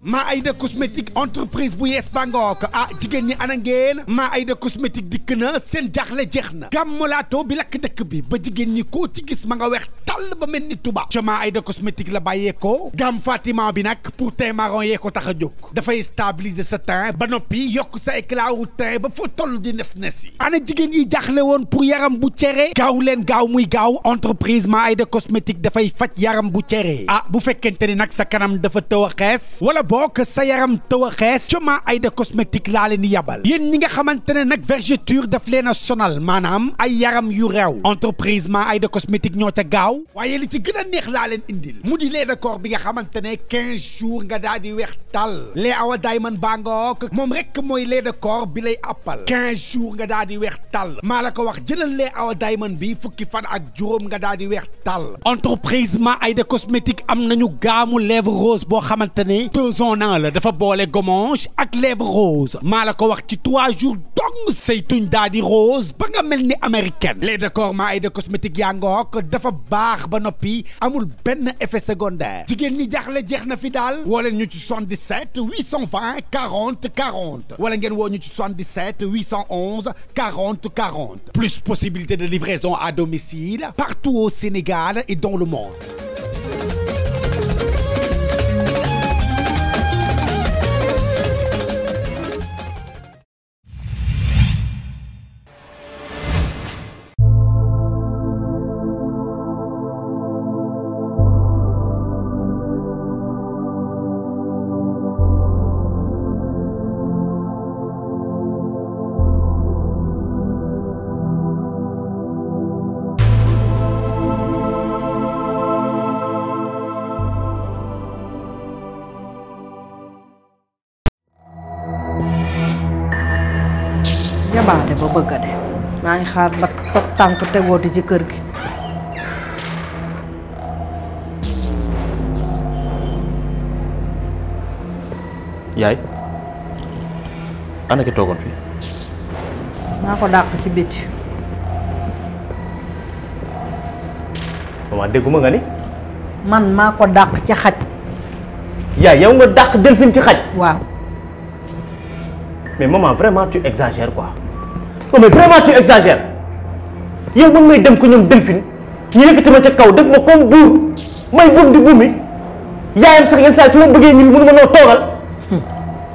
maa ay da cosmétique entreprise bu yees bangook ah jigéen ñi ana ngeen maa ay da cosmétique dikk na seen jaaxle jeex na gàmmu laato bi lakk dëkk bi ba jigéen ñi koo ci gis ma nga weex tàll ba mel ni tubaab ca maa ay da cosmétique la bàyyee ko gamme Fatima bi nag pour teint marron yee ko tax a jóg dafay stabiliser sa teint ba noppi yokk sa éclat ou teint ba foo toll di nes nes yi ana jigéen yi jaaxle woon pour yaram bu cere gaaw leen gaaw muy gaaw entreprise maa ay da cosmétique dafay faj yaram bu cere ah bu fekkente ni nag sa kanam dafa tëw a xees bokk sa yaram taw a xees coma ay da cosmétique laa leen di yabal yéen ñi nga xamante ne nag vergeture daf leen a sonal maanaam ay yaram yu reew entreprise ma ay da cosmétique ñoo ca gaaw waaye li ci gën a neex laa leen indil mu di lait de corps bi nga xamante ne quinze jours nga daal di weex tal lait awa diamond baa nga wok moom rek mooy lee de corps bi lay appal quinze jours nga daal di weex tal maa la ko wax jëlal lait awa man bi fukki fan ak juróom nga daal di weex tal entreprise ma ay am nañu gaamu lèvre rose boo sonant la dafa bolé gommage ak lèvres rose malako wax ci 3 jours dong say dadi rose ba nga melni américaine les décorements et de cosmétiques yaa ngook dafa bax ba nopi amul ben effet secondaire jigen ni jaxlé jeex fi dal woo ñu ci 77 820 40 40 wala ngeen woo ñu ci 77 811 40 40 plus possibilité de livraison à domicile partout au Sénégal et dans le monde nañ xaar ba toog tank te di ci kër gi yaay ana ki toogoon fi maa ko dàq ci biti maman dégguma nga ni man maa ko dàq ci xaj yaay yow nga dàq delphine ci xaj waaw mais maman vraiment tu exagères quoi oh mais vraiment tu exagères yow man may dem ko ñom delphine ñu yëkkati ma ci kaw def ma comme bour. may buum di bumi, yaayam sax yeen saa su ma bëggee ñibbi mënu ma noo toogal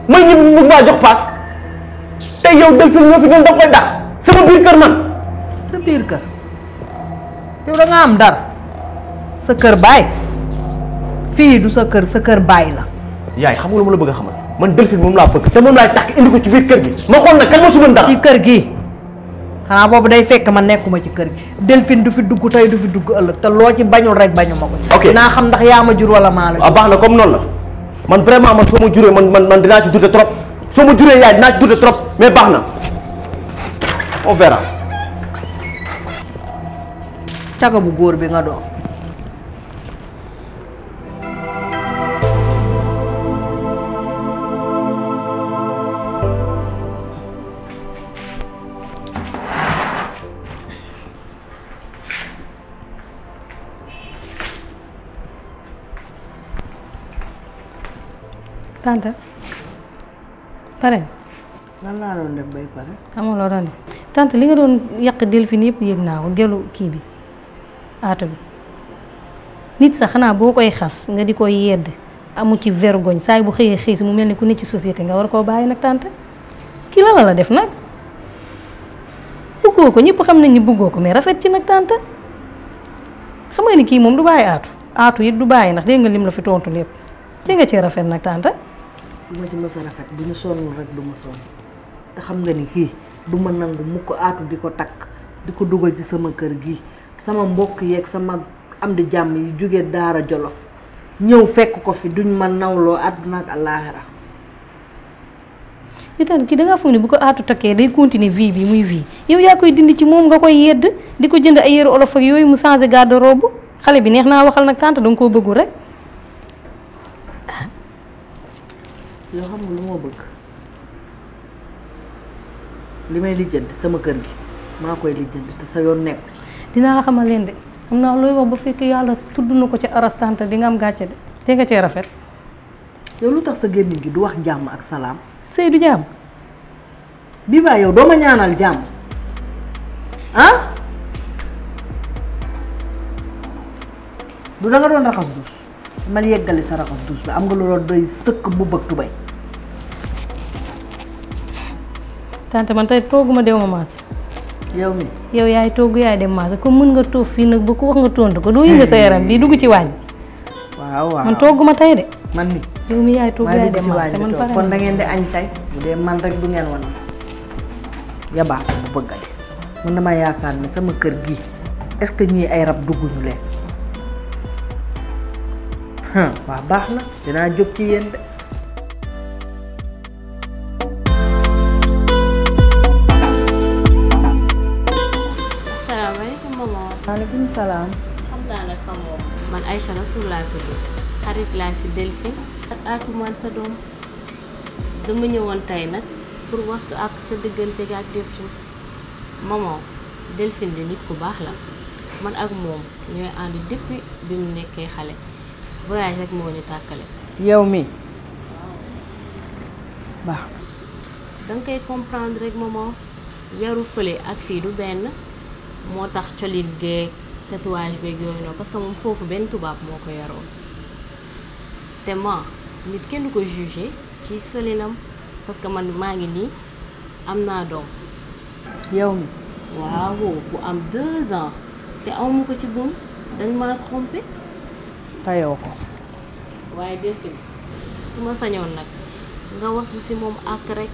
may ñi mu maa jox paas tey yow delphine ñoo ñu doon da dax sama bir kër man sa bir kër yow da nga am dar. sa kër bay. Fi du sa kër sa kër bay la yaay xam nga lu ma la bëgg a xamal man delphine mom la bëgg te mom lay tak indi ko ci bir kër gi ma xool na kan mo ci mën dara ci kër gi xana bobu day fekk man nekuma ci kër Delphine du fi dugg tay du fi dugg ëllëg te lo ci bañul rek bañu mako ko na xam ndax yaama jur wala mala ah baxna comme non la man vraiment man soo juré man man man dina ci dute trop soo juré juree yaay dinaa ci dute trop mais baxna on verra caga bu góor bi nga do tante pare. lan laa doon def bay li nga doon yàq delfin yëpp yëg naa ko gelu kii bi aatu bi nit sax xanaa boo koy xas nga di koy yedd amu ci vergogne saay bu xëyee xëy si mu mel ni ku ne ci société nga war koo bàyyi nag tante kii la def nag bëggoo ko ñépp xam nañ ni buggoo ko mais rafet ci nag tante xam nga ni kii moom du bàyyi aatu aatu it du bàyyi ndax dégg nga lim la fi tontu lépp te nga cee rafet nag tante. du ma ci mës a rafet bu ñu sonnul rek du ma sonn te xam nga ni kii du ma nangu mukk aatu di ko takk di ko dugal ci sama kër gi sama mbokk yeeg sama am di jàmm yi jóge daara jolof ñëw fekk ko fi duñ ma nawloo àdduna ak àllaaxira itam kii da ngaa foog ne bu ko aatu takkee day continuer vie bi muy vie yow yaa koy dindi ci moom nga koy yedd di ko jënd ay yére olof ak yooyu mu changé garde robe xale bi neex naa waxal nag tante danga koo bëggul rek yoo xam lu ma bëgg li may lijjanti sama kër gi maa koy lijjanti te sa yoon nekk dinaa la xamal leen de xam naa looy wax ba fekk yàlla tudd na ko ci arastante di nga am gàcce de te nga cee rafet yow lu sa gémmiñ gi du wax jàmm ak salaam sëy du bi baa yow doo ñaanal jàmm ah du da nga doon raxas duus mal yeggale sa raxas duus bi am nga loolu doy sëkk bu bëgg tubay sante man tey ma dew ma marché. yow mi yow yaay togg yaay dem marché comme mën nga toog fii nag bu ko wax nga tontu ko doo yëngu sa yaram bii dugg ci waañ. waaw waaw man tooguma tey de. man mi yow mi yaay togg yaay dem marché man pare kon añ tey bu dee man rek du ngeen wan yabaat bu bëgg a de man dama yaakaar ni sama kër gi est-ce que ñii ay rab dugguñu leen. waa baax na dinaa jóg ci yéen de. سلام حمد لله من عائشة رسول الله تدو حريف لا سي دلفي اك اكو مان سدوم دما نيوان تاي نك بور واستو اك سا ديغنتي اك ديفشو ماما دلفين دي نيت كو باخ لا مان اك موم نيو اندي ديبي بيم نيكي خالي فواياج اك موني تاكالي يومي با dang koy comprendre rek maman yaru feulé ak fi du ben motax cholit geek tatouage beeg yooyu noonu parce que moom foofu benn tubaab moo ko yaroon te ma nit kenn du ko jugé ci solinam parce que man maa ngi nii am naa doom yow mi waaw bu am deux ans te awma ko ci buum dañ maa trompé tayoo ko waaye Delphine su ma sañoon nag nga waslu si moom ak rek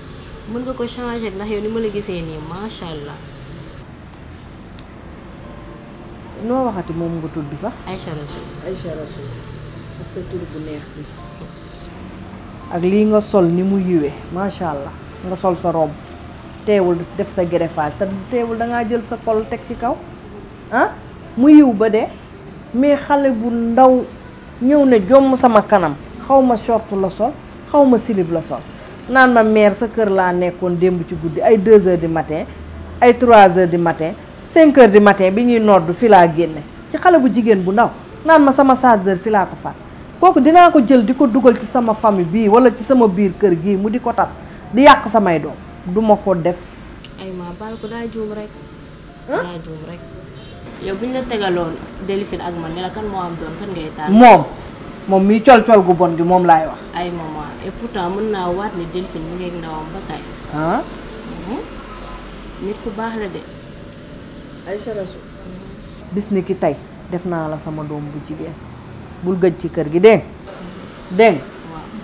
mën nga ko changé ndax yow ni ma la gisee nii macha allah. noo waxati moom nga tudd sax. Aïcha Rassoul ak lii nga sol ni mu yiwee macha allah nga sol sa robe teewul def sa greffage te teewul da ngaa jël sa kol teg ci kaw ah mu yiw ba de mais xale bu ndaw ñëw ne jomm sama kanam xaw ma short la sol xaw ma silib la sol naan ma mère sa kër laa nekkoon démb ci guddi ay 2 heures du matin ay trois heures di matin. cinq heures du matin bi ñuy nodd fi laa génne ci xale bu jigéen bu ndaw naan ma sama chargeur fi laa ko faat kooku dinaa ko jël di ko dugal ci sama famille bii wala ci sama biir kër gi mu di ko tas di yàq samay doom du ma ko def ay ma baal ko daa juum rek daa juum rek yow bu ñu la tegaloon Delphine ak man ne la kan moo am doom kan ngay taal moom moom mii col-col gu bon gi moom laay wax ay maman et pourtant mën naa waat ni Delphine mu ngeeg ndawam ba tey nit ku baax la de Aïcha Rassoul bis ni ki tey def naa la sama dom bu jigéen bul gej ci keur gi dégg dégg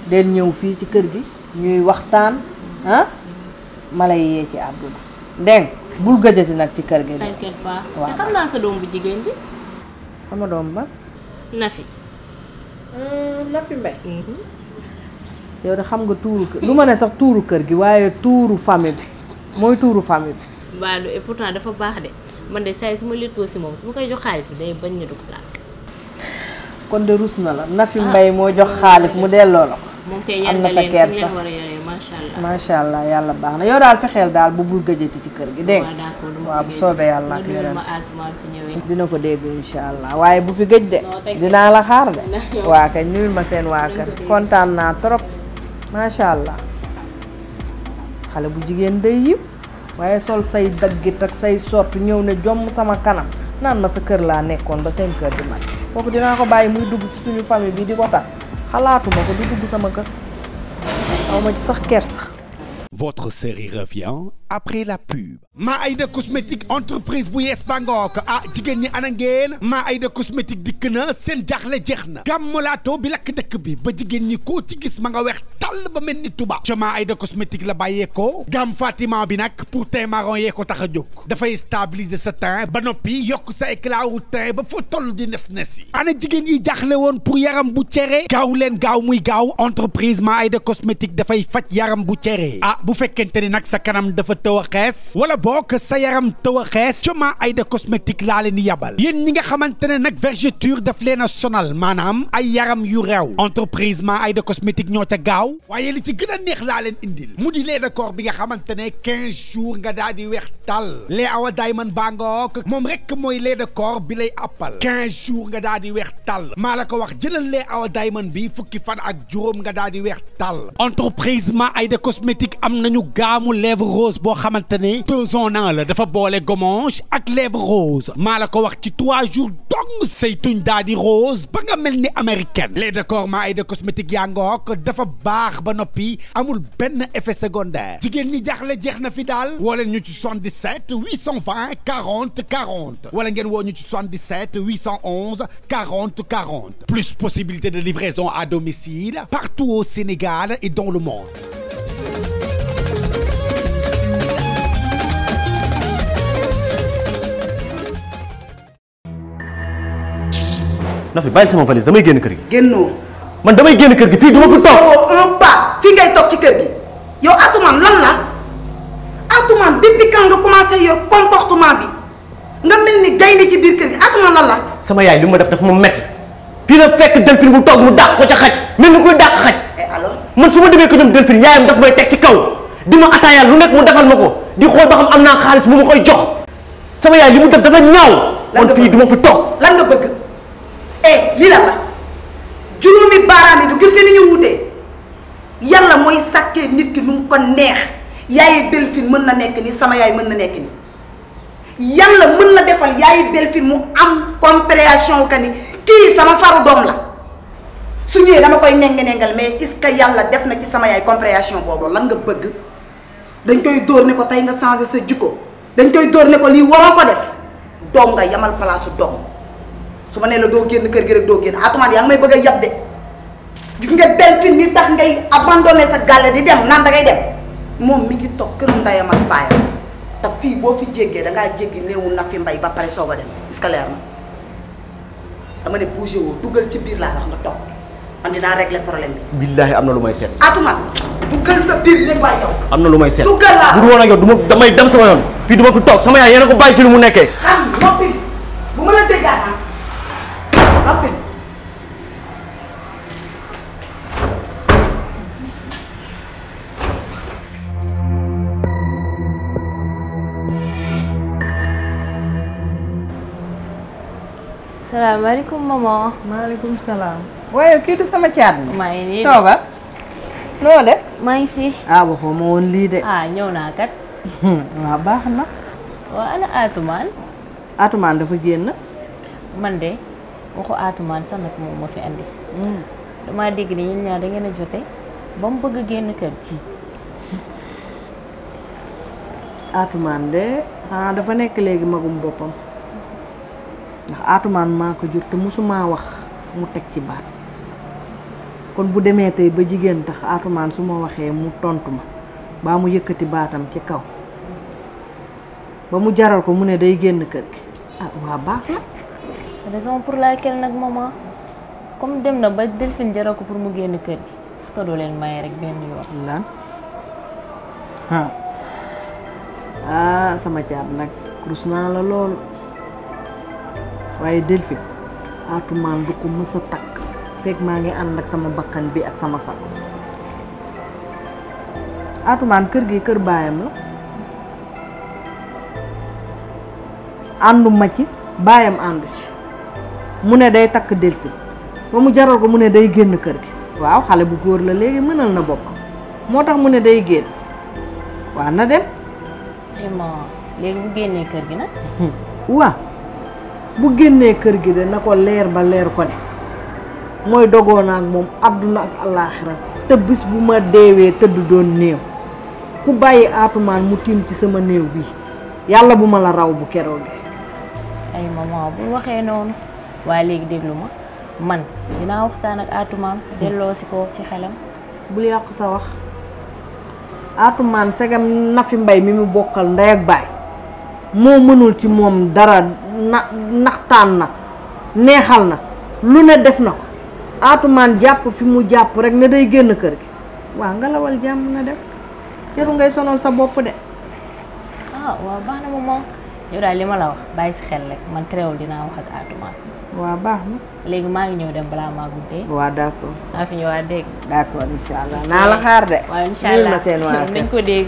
del ñew fi ci keur gi ñuy waxtaan ah malay ye ci àdduna dégg bul ci nak ci keur gi t'inquiète pas te xam na sa dom bu jigéen bi sama dom ba Nafi hmm Nafi Mbaye mhm. yow da xam nga touru kër du ma ne sax touru keur gi waye touru famille bi moy touru famille bi waaw et pourtant dafa bax de man de saa yi su ma léttoo si moom su ma koy jox xaalis bi day bañ ñu dugg laa. kon de rus na la ah. Nafi Mbaye moo jox xaalis mu delloo la ko. moom kay yar nga leen fi allah yàlla baax na yow daal fexeel daal bu bul gëjati ci kër gi dégg nga. waaw bu soobee yàlla ak yeneen dina ko dégg incha allah waaye bu fi gëj de dinaa la xaar de. waa kay nuyul ma seen waa kër kontaan naa torop macha allah xale bu jigéen day yib. waaye sol say daggit ak say sort ñëw ne jomm sama kanam naan ma sa kër laa nekkoon ba seen kër di man kooku dinaa ko bàyyi muy dugg ci suñu famille bi di ko tas xalaatuma ko du dugg sama kër aw ma ci sax kersa Votre série revient après la pub. Ma aide cosmétique entreprise Bouyes Bangok a ah jigéen Ma aide cosmétique dikna sen seen jaaxle Gam molato gàmmolaato bi lakk dëkk bi ba jigéen ñi koo ci gis ma nga tal ba melni Ci cosmétique la ko. Gam Fatima bi nak pour teint marron yee ko tax a jóg stabiliser sa teint ba nopi yok sa éclat ou teint ba fo toll di ana yi pour yaram bu tiéré. Gaw len gaw muy gaw entreprise maa cosmétique da cosmétique dafay yaram bu tiéré. ah bu fekkente ni nag sa kanam dafa tëw a xees wala boog sa yaram tëw a ay de cosmétique laa leen di yabal yéen ñi nga xamante ne nag vergeture daf leen a sonal maanaam ay yaram yu rew entreprise ma ay de cosmétique ñoo ca gaaw waaye li ci gën a neex laa leen indil mu di lait de corps bi nga xamante ne quinze jours nga daal di weex tal lait awa diamond baa ngook moom rek mooy lee de corps bi lay appal quinze jours nga daal di weex tal maa la ko wax jëlal lait awa diamond bi fukki fan ak juróom nga daal di weex am am nañu gaamu lèvre rose boo xamante deux en un la dafa boole gommage ak lèvre rose maa la ko wax ci trois jours dong say tuñ daal di rose ba nga mel ni américaine les ma ay de cosmétique yaa ngook dafa baax ba noppi amul benn effet secondaire jigéen ñi jaxle jeex na fi daal woo ñu ci 77 820 40 40 wala ngeen woo ñu ci 77 811 40 40 plus possibilité de livraison à domicile partout au Sénégal et dans le monde na fi bàyyi sama valise damay génn kër gi. génnoo. man damay génn kër gi fii du ma fi toog. un pas fii toog ci kër yow Atoumane lan la Atoumane depuis quand nga commencé yow comportement bi nga mel ni gaynde ci biir kër gi Atoumane lan la. sama yaay li ma def dafa ma metti fii la fekk Delphine mu toog mu dàq ko ca xaj mel ni koy dàq xaj. Eh, alors man su ma demee ko ñoom Delphine yaayam daf may teg ci kaw di ma attaayaat lu nekk defal ma ko di xool ba xam am koy jox sama yaay li mu def dafa ñaaw. lan nga bëgg man fii du fi toog lan nga bëgg. eh lii la la juróomi baaraam yi du gis ni ñu wutee yàlla mooy sàkkee nit ki nu mu ko neex yaayu delphine mën na nekk ni sama yaay mën na nekk ni yàlla mën na defal yaayu delphine mu am compréhension que ni kii sama faru doom la su ñëwee dama koy nenga-nengal mais est-ce que yàlla def na ci sama yaay compréhension boobu lan nga bëgg dañ koy dóor ne ko tey nga changé sa jikko dañ koy dóor ne ko lii waroo ko def doom nga yamal palaasu doom su ma nee doo génn kër gi rek doo génn atumaan yaa ngi may bëgg a yab de gis nga delfin ni tax ngay abandonné sa gàlle di dem naan da ngay dem moom mi ngi toog kër ndeyam ak baayam te fii boo fi jéggee dangaa jéggi néewu na fi mbay ba pare soog a dem est-ce que leer na dama ne bougé woo dugal ci biir laa wax nga toog man dinaa régler problème bi. billaahi am na lu may seet. atumaan duggal sa biir néeg waay yow. am na lu may seet duggal laa. bu dul woon ak yow du ma damay dem sama yoon. fii du fi toog sama yaay mu nekkee. xam Assalamualaikum mama, maaleykum salaam. waaye sama caat mi. maa ngi nii tooga. noo fi. ah waxoo ah, hmm, ma woon lii de. ah ñëw naa kat. waaw baax na. waaw ana Atoumane. Atoumane dafa génn. man de waxu Atoumane sax nag moom fi andi. ñaar da bëgg kër de ah dafa magum Atuman ma ko jur te musuma wax mu tek ci baat kon bu deme tay ba muton tax atuman suma waxe mu tontu ma baa mu yekati batam ci kaw ba mu jaral ko mune day genn keur gi ah wa ba raison pour laquelle nak mama comme dem na ba Delphine jaral ko pour mu genn keur gi est-ce do len maye rek yoon lan ah sama jaar nak krusna la waaye Delphine Atoumane du ko mës a takk fekk maa ngi ànd ak sama bakkan bi ak sama sal Atoumane kër gi kër baayam la ànduma ci baayam àndu ci mu ne day takk Delphine ba mu jaral ko mu ne day génn kër gi waaw xale bu góor la léegi mënal na boppam moo tax mu ne day génn waa na dem. vraiment eh, léegi bu génnee kër gi nag. waaw. bu génné kër gi dé nako lèr ba lèr ko né moy dogo naa ak moom àdduna ak alakhirah te bis bu ma té du doon néw ku bayyi atuman mu tim ci sama néw bi yalla bu ma la raw bu keroogee ay mama bu waxé non wa légui dégluma man dina waxtaan ak atuman si ko ci bu li yak sa wax atuman segam Nafi Mbay mi mu bokal nday ak bay mo mënul ci mom dara na naxtaan na neexal na lu ne def na ko Atoumane jàpp fi mu jàpp rek ne day génn kër gi waaw ngelawal lawal jàmm na def jëru ngay sonal sa bopp de ah, waaw baax na moom yow daal li ma la wax bàyyi si xel rek man teewul dinaa wax ak Atoumane waaw baax na léegi maa ngi ñëw dem balaa maa guddee waaw d'accord naa fi ñëwaat dégg d'accord incha allah naa la xaar de waaw incha allah ma seen ko dégg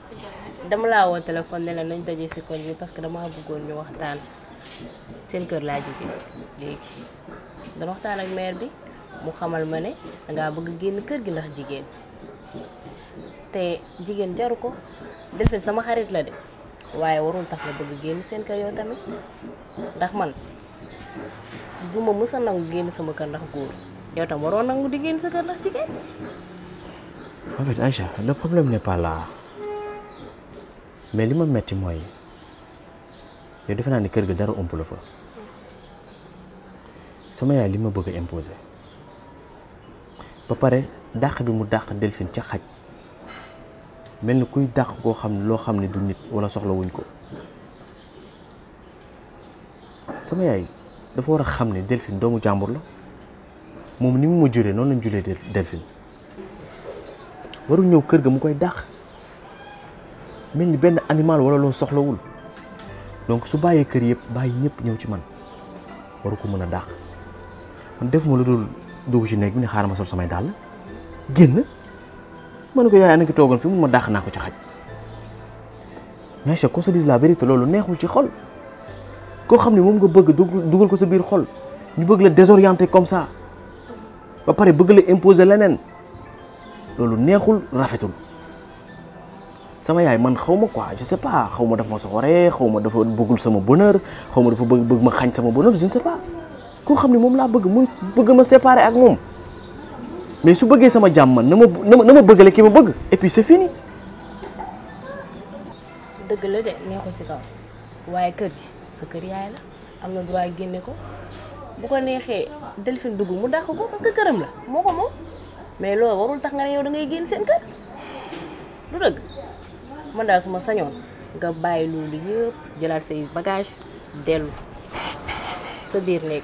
dama laa woon téléphone ne nañ daje si koñ bi parce que dama bëggoon ñu waxtaan seen kër laa jóge léegi dana waxtaan ak maire bi mu xamal ma ne dangaa bëgg génn kër gi ndax jigéen te jigéen jaru ko Delphine sama xarit la de waaye warul tax la bëgg génn seen kër yow tamit ndax man ma mësa nangu génn sama kër ndax góor yow tam waroo nangu di génn sa kër ndax jigéen en problème n'est pas mais li ma metti mooy yow defe naa ne kër gi dara ëmp la fa sama yaay li ma bëgg a imposer ba pare dàq bi mu dàq delfin ca xaj mel ni kuy dàq koo xam ne loo xam ne du nit wala soxla wuñ ko sama yaay dafa war a xam ne delfin doomu jàmbur la moom ni mu ma juree noonu lañ juree delfin warul ñëw kër ga mu koy dàq mel ni benn animal wala loo soxlawul donc su bàyyee kër yëpp bàyyi ñëpp ñëw ci man waru ko mën a dàq man def ma lu dul dugg ci nekk bi ne xaaral ma sol samay dàll génn man ko yaay ana ki toogoon fi mu ma dàq naa ko ci xaj mais c'est qu'on se dise la vérité neexul ci xol koo xam ne moom nga bëgg dugal ko sa biir xol ñu bëgg la désorienter comme ça ba pare bëgg la imposer leneen loolu neexul rafetul sama yaay man xaw ma quoi je sais pas xaw ma dafa ma soxoree xaw ma dafa bëggul sama bonheur xaw ma dafa bëgg bëgg ma xañ sama bonheur je ne sais koo xam ne moom laa bëgg mu bëgg ma séparer ak moom mais su bëggee sama jàmm man na ma na ma bëggale ki ma bëgg et puis c'est fini. dëgg la de neexul ci kaw waaye kër gi sa kër yaay la am na droit génne ko bu ko neexee Delphine dugg mu dàq ko parce que la moo ko mais loolu warul tax nga ne yow da ngay seen kër du dëgg. man daal suma ma sañoon nga bàyyi loolu yëpp jëlaat say bagage dellu sa biir néeg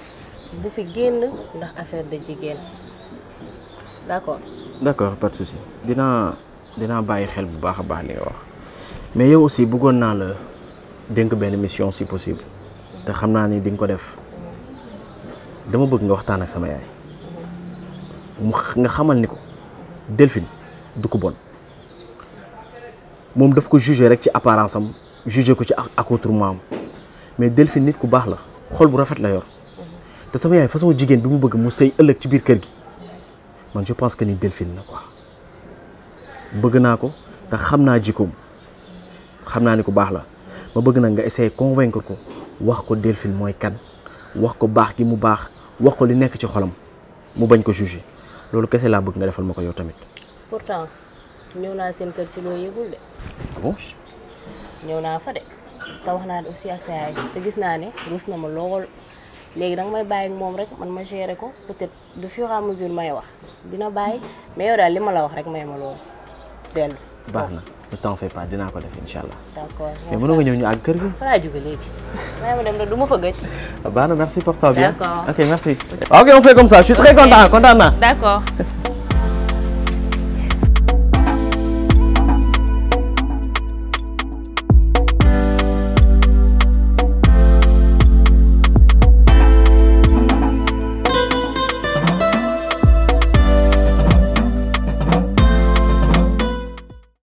bu fi génn ndax affaire de jigéen d' accord. d' accord pas de souci dinaa dinaa bàyyi xel bu baax a baax li nga wax mais yow aussi bëggoon naa la dénk benn mission si possible te xam naa ni di nga ko def dama bëgg nga waxtaan ak sama yaay mu nga xamal ni ko Delphine du ko bon. mom daf ko jugé rek ci apparence am juger ko ci accoutrement mais Delphine nit ku bax la xol bu rafet la yor mhm. te sama yaay façon jigen bi mu mu je pense que ni Delphine la quoi bëgg te xam naa ni ku baax la nga essayer convaincre ko wax ko Delphine mooy kan wax ko baax gi mu wax ko li nekk ci xolam mu bañ ko que loolu kese laa nga pourtant ñëw naa seen kër si loo yëgul de. Ah ñëw naa fa de te wax naa aussi ak sa te gis naa ne ruus na ma lool léegi danga may bàyyi moom rek man ma géré ko peut-être du fur et à may wax dina bàyyi mais yow daal li ma la wax rek may ma loolu dellu. baax na ne t'en fais pas dinaa ko def incha allah. d'accord mais mënoo nga ñëw ñu àgg kër gi. faraa jóge léegi. maa ma dem de du ma fa gëj. Ah, baax na merci porte-toi bien. d'accord ok merci. ok on fait comme ça je suis très content